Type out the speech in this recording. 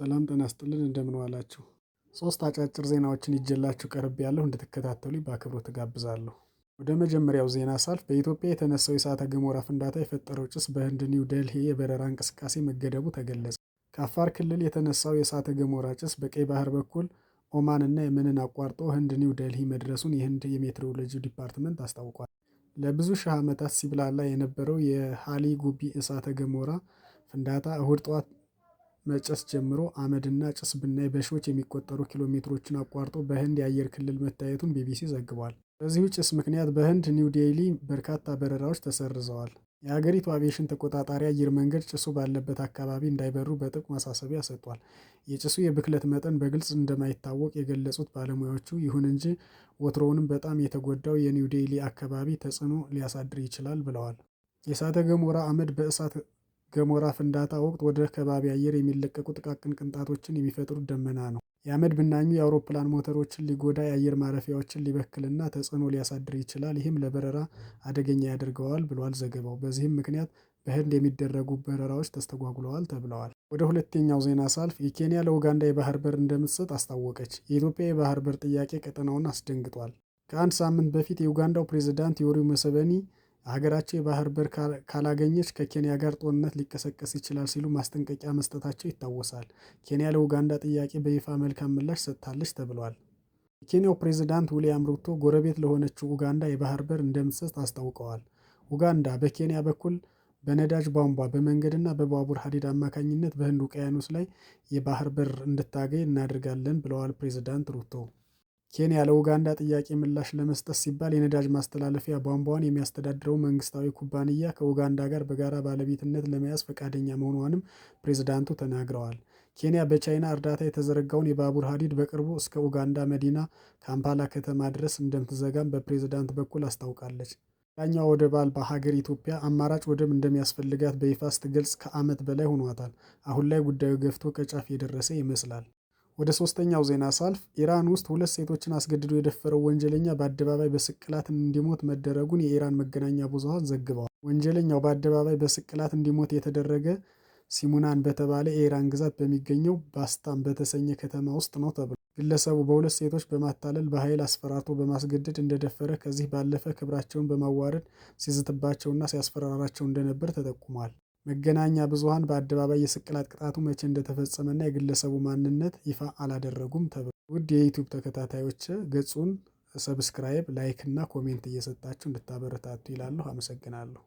ሰላም ጤና ይስጥልን እንደምን ዋላችሁ። ሶስት አጫጭር ዜናዎችን ይጀላችሁ ቀርብ ያለሁ እንድትከታተሉ በአክብሮት እጋብዛለሁ። ወደ መጀመሪያው ዜና ሳልፍ በኢትዮጵያ የተነሳው የእሳተ ገሞራ ፍንዳታ የፈጠረው ጭስ በህንድ ኒው ደልሂ የበረራ እንቅስቃሴ መገደቡ ተገለጸ። ከአፋር ክልል የተነሳው የእሳተ ገሞራ ጭስ በቀይ ባህር በኩል ኦማን እና የመንን አቋርጦ ህንድ ኒው ደልሂ መድረሱን የህንድ የሜትሮሎጂ ዲፓርትመንት አስታውቋል። ለብዙ ሺህ ዓመታት ሲብላላ የነበረው የሃሊ ጉቢ እሳተ ገሞራ ፍንዳታ እሁድ ጠዋት መጨስ ጀምሮ አመድና ጭስ ብናይ በሺዎች የሚቆጠሩ ኪሎ ሜትሮችን አቋርጦ በህንድ የአየር ክልል መታየቱን ቢቢሲ ዘግቧል። በዚሁ ጭስ ምክንያት በህንድ ኒው ዴሊ በርካታ በረራዎች ተሰርዘዋል። የሀገሪቱ አቪዬሽን ተቆጣጣሪ አየር መንገድ ጭሱ ባለበት አካባቢ እንዳይበሩ በጥብቅ ማሳሰቢያ ሰጥቷል። የጭሱ የብክለት መጠን በግልጽ እንደማይታወቅ የገለጹት ባለሙያዎቹ፣ ይሁን እንጂ ወትሮውንም በጣም የተጎዳው የኒው ዴሊ አካባቢ ተጽዕኖ ሊያሳድር ይችላል ብለዋል። የእሳተ ገሞራ አመድ በእሳት ገሞራ ፍንዳታ ወቅት ወደ ከባቢ አየር የሚለቀቁ ጥቃቅን ቅንጣቶችን የሚፈጥሩ ደመና ነው። የአመድ ብናኙ የአውሮፕላን ሞተሮችን ሊጎዳ፣ የአየር ማረፊያዎችን ሊበክልና ተጽዕኖ ሊያሳድር ይችላል። ይህም ለበረራ አደገኛ ያደርገዋል ብሏል ዘገባው። በዚህም ምክንያት በህንድ የሚደረጉ በረራዎች ተስተጓጉለዋል ተብለዋል። ወደ ሁለተኛው ዜና ሳልፍ የኬንያ ለኡጋንዳ የባህር በር እንደምትሰጥ አስታወቀች። የኢትዮጵያ የባህር በር ጥያቄ ቀጠናውን አስደንግጧል። ከአንድ ሳምንት በፊት የኡጋንዳው ፕሬዝዳንት ዮዌሪ ሙሴቬኒ ሀገራቸው የባህር በር ካላገኘች ከኬንያ ጋር ጦርነት ሊቀሰቀስ ይችላል ሲሉ ማስጠንቀቂያ መስጠታቸው ይታወሳል። ኬንያ ለኡጋንዳ ጥያቄ በይፋ መልካም ምላሽ ሰጥታለች ተብሏል። የኬንያው ፕሬዝዳንት ውሊያም ሩቶ ጎረቤት ለሆነችው ኡጋንዳ የባህር በር እንደምትሰጥ አስታውቀዋል። ኡጋንዳ በኬንያ በኩል በነዳጅ ቧንቧ በመንገድና በባቡር ሀዲድ አማካኝነት በህንድ ውቅያኖስ ላይ የባህር በር እንድታገኝ እናደርጋለን ብለዋል ፕሬዚዳንት ሩቶ። ኬንያ ለኡጋንዳ ጥያቄ ምላሽ ለመስጠት ሲባል የነዳጅ ማስተላለፊያ ቧንቧን የሚያስተዳድረው መንግስታዊ ኩባንያ ከኡጋንዳ ጋር በጋራ ባለቤትነት ለመያዝ ፈቃደኛ መሆኗንም ፕሬዝዳንቱ ተናግረዋል። ኬንያ በቻይና እርዳታ የተዘረጋውን የባቡር ሀዲድ በቅርቡ እስከ ኡጋንዳ መዲና ካምፓላ ከተማ ድረስ እንደምትዘጋም በፕሬዝዳንት በኩል አስታውቃለች። ሌላኛዋ ወደብ አልባ ሀገር ኢትዮጵያ አማራጭ ወደብ እንደሚያስፈልጋት በይፋ ስትገልጽ ከዓመት በላይ ሆኗታል። አሁን ላይ ጉዳዩ ገፍቶ ከጫፍ የደረሰ ይመስላል። ወደ ሶስተኛው ዜና ሳልፍ ኢራን ውስጥ ሁለት ሴቶችን አስገድዶ የደፈረው ወንጀለኛ በአደባባይ በስቅላት እንዲሞት መደረጉን የኢራን መገናኛ ብዙሃን ዘግበዋል። ወንጀለኛው በአደባባይ በስቅላት እንዲሞት የተደረገ ሲሙናን በተባለ የኢራን ግዛት በሚገኘው ባስታም በተሰኘ ከተማ ውስጥ ነው ተብሏል። ግለሰቡ በሁለት ሴቶች በማታለል በኃይል አስፈራርቶ በማስገደድ እንደደፈረ ከዚህ ባለፈ ክብራቸውን በማዋረድ ሲዝትባቸውና ሲያስፈራራቸው እንደነበር ተጠቁሟል። መገናኛ ብዙሃን በአደባባይ የስቅላት ቅጣቱ መቼ እንደተፈጸመና የግለሰቡ ማንነት ይፋ አላደረጉም ተብሏል። ውድ የዩቱብ ተከታታዮች ገጹን ሰብስክራይብ፣ ላይክ እና ኮሜንት እየሰጣችሁ እንድታበረታቱ ይላለሁ። አመሰግናለሁ።